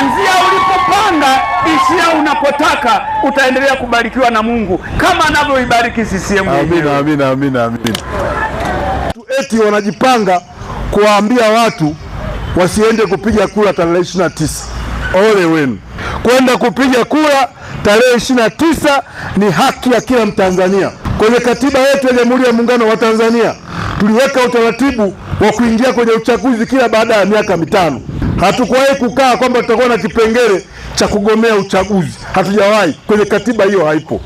Anzia ulipopanga, ishia unapotaka, utaendelea kubarikiwa na Mungu kama anavyoibariki CCM. Amina, amina, amina, amina. Eti wanajipanga kuwaambia watu wasiende kupiga kura tarehe 29. Ole wenu! Kwenda kupiga kura tarehe 29 ni haki ya kila Mtanzania. Kwenye katiba yetu ya Jamhuri ya Muungano wa Tanzania tuliweka utaratibu wa kuingia kwenye uchaguzi kila baada ya miaka mitano. Hatukuwahi kukaa kwamba tutakuwa na kipengele cha kugomea uchaguzi, hatujawahi. Kwenye katiba hiyo haipo.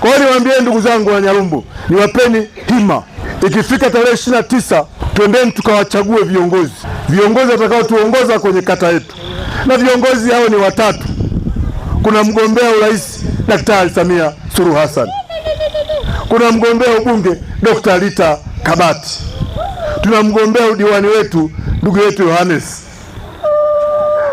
Kwa hiyo niwaambie ndugu zangu wa Nyarumbo, niwapeni hima. Ikifika tarehe ishirini na tisa twendeni tukawachague viongozi, viongozi watakaotuongoza kwenye kata yetu, na viongozi hao ni watatu. Kuna mgombea urais Daktari Samia Suluhu Hassan, kuna mgombea ubunge Dr. Rita Kabati, tuna mgombea udiwani wetu ndugu yetu Yohanes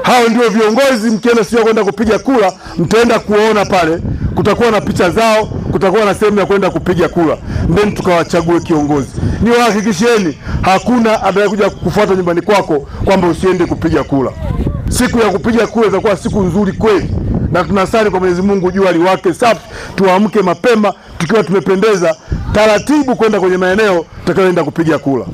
hao ndio viongozi. Mkienda sio kwenda kupiga kura, mtaenda kuona pale, kutakuwa na picha zao, kutakuwa na sehemu ya kwenda kupiga kura, then tukawachague kiongozi. Niwahakikisheni hakuna atakayekuja kufuata nyumbani kwako kwamba usiende kupiga kura. Siku ya kupiga kura itakuwa siku nzuri kweli, na tunasali kwa Mwenyezi Mungu jua liwake safi, tuamke mapema tukiwa tumependeza, taratibu kwenda kwenye maeneo tutakayoenda kupiga kura.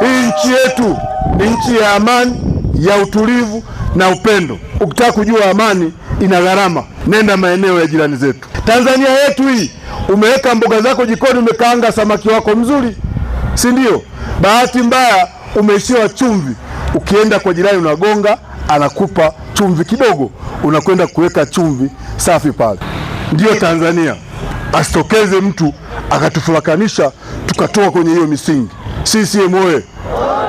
Hii nchi yetu ni nchi ya amani, ya utulivu na upendo. Ukitaka kujua amani ina gharama, nenda maeneo ya jirani zetu. Tanzania yetu hii, umeweka mboga zako jikoni, umekaanga samaki wako mzuri, si ndio? Bahati mbaya umeishiwa chumvi, ukienda kwa jirani unagonga, anakupa chumvi kidogo, unakwenda kuweka chumvi safi pale. Ndiyo Tanzania. Asitokeze mtu akatufurakanisha tukatoka kwenye hiyo misingi. CCM oye!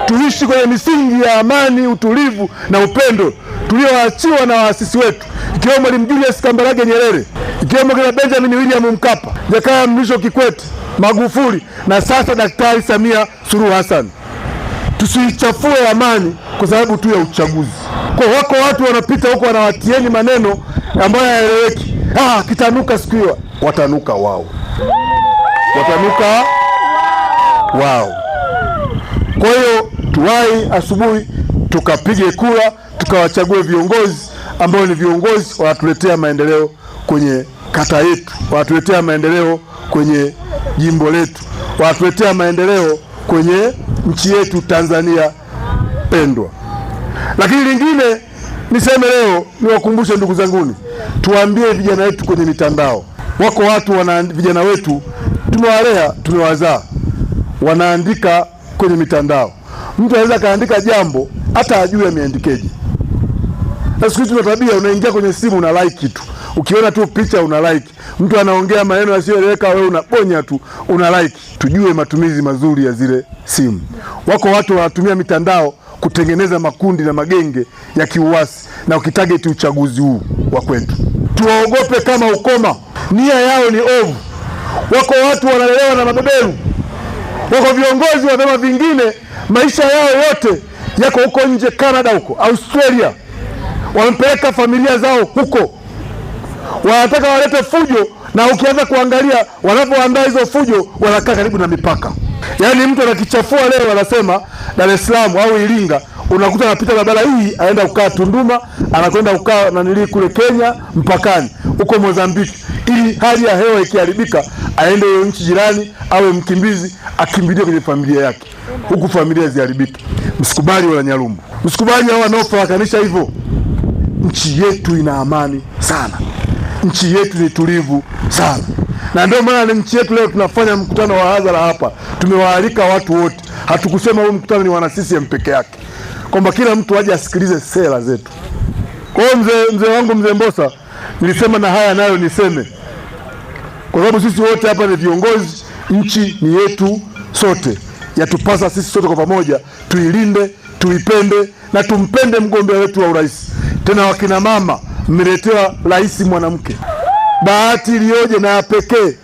tuishi kwenye misingi ya amani, utulivu na upendo tulioachiwa na waasisi wetu, ikiwemo Mwalimu Julius Kambarage Nyerere, ikiwemo kina Benjamin William Mkapa, Jakaya Mrisho Kikwete, Magufuli na sasa Daktari Samia Suluhu Hassan. Tusiichafue amani kwa sababu tu ya uchaguzi. Kwa wako watu wanapita huko wanawatieni maneno ambayo hayaeleweki. Ah, kitanuka siku hiyo, watanuka wao, watanuka wao. Kwa hiyo tuwai asubuhi tukapige kura tukawachague viongozi ambao ni viongozi wanatuletea maendeleo kwenye kata yetu, wanatuletea maendeleo kwenye jimbo letu, wanatuletea maendeleo kwenye nchi yetu Tanzania pendwa. Lakini lingine niseme leo, niwakumbushe ndugu zanguni, tuambie vijana wetu kwenye mitandao, wako watu wana, vijana wetu tumewalea tumewazaa, wanaandika kwenye mitandao mtu anaweza kaandika jambo hata ajue ameandikeje. Na siku hizi tabia, unaingia kwenye simu una like tu, ukiona tu picha una like, mtu anaongea maneno yasiyoeleweka, wewe unabonya tu una like. Tujue matumizi mazuri ya zile simu. Wako watu wanatumia mitandao kutengeneza makundi na magenge ya kiuasi na ukitageti uchaguzi huu wa kwetu, tuwaogope kama ukoma. Nia yao ni ovu. Wako watu wanalelewa na mabeberu, wako viongozi wa vyama vingine maisha yao yote yako huko nje, Canada huko, Australia, wamepeleka familia zao huko, wanataka walete fujo, na ukianza kuangalia wanapoandaa hizo fujo, wanakaa karibu na mipaka. Yaani mtu anakichafua leo, anasema Dar es Salaam au Iringa, unakuta anapita barabara hii, anaenda kukaa Tunduma, anakwenda kukaa nanilii kule Kenya mpakani, huko Mozambiki ili hali ya hewa ikiharibika, aende hiyo nchi jirani, awe mkimbizi, akimbilie kwenye familia yake, huku familia ziharibike. Msikubali Wananyalumbu, msikubali hao wanaofarakanisha hivyo. Nchi yetu ina amani sana, nchi yetu ni tulivu sana, na ndio maana nchi yetu leo tunafanya mkutano wa hadhara hapa. Tumewaalika watu wote, hatukusema huu mkutano ni wana CCM peke yake, kwamba kila mtu aje asikilize sera zetu. Kwa hiyo mzee mzee wangu mzee Mbosa nilisema na haya nayo niseme kwa sababu sisi wote hapa ni viongozi. Nchi ni yetu sote, yatupasa sisi sote kwa pamoja tuilinde, tuipende na tumpende mgombea wetu wa urais. Tena wakina mama, mmeletewa rais mwanamke, bahati iliyoje na ya pekee!